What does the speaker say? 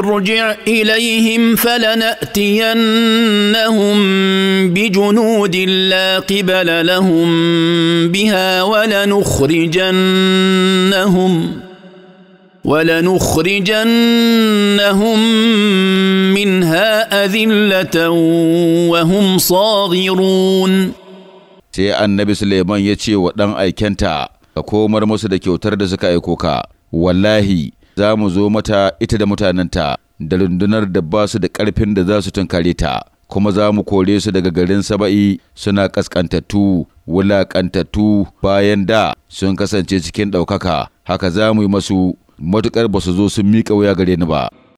ارجع اليهم فلناتينهم بجنود لا قبل لهم بها ولنخرجنهم ولنخرجنهم منها اذله وهم صاغرون sai annabi suleiman ya ce wa ɗan aikenta ka komar musu da kyautar da suka aiko ka wallahi za mu zo mata ita da mutanenta da rundunar da ba su da ƙarfin da za su tunkare ta kuma za mu kore su daga garin saba'i suna ƙasƙantattu wulaƙantattu bayan da sun kasance cikin ɗaukaka haka za mu yi masu matuƙar ba su zo sun miƙa wuya gare ni ba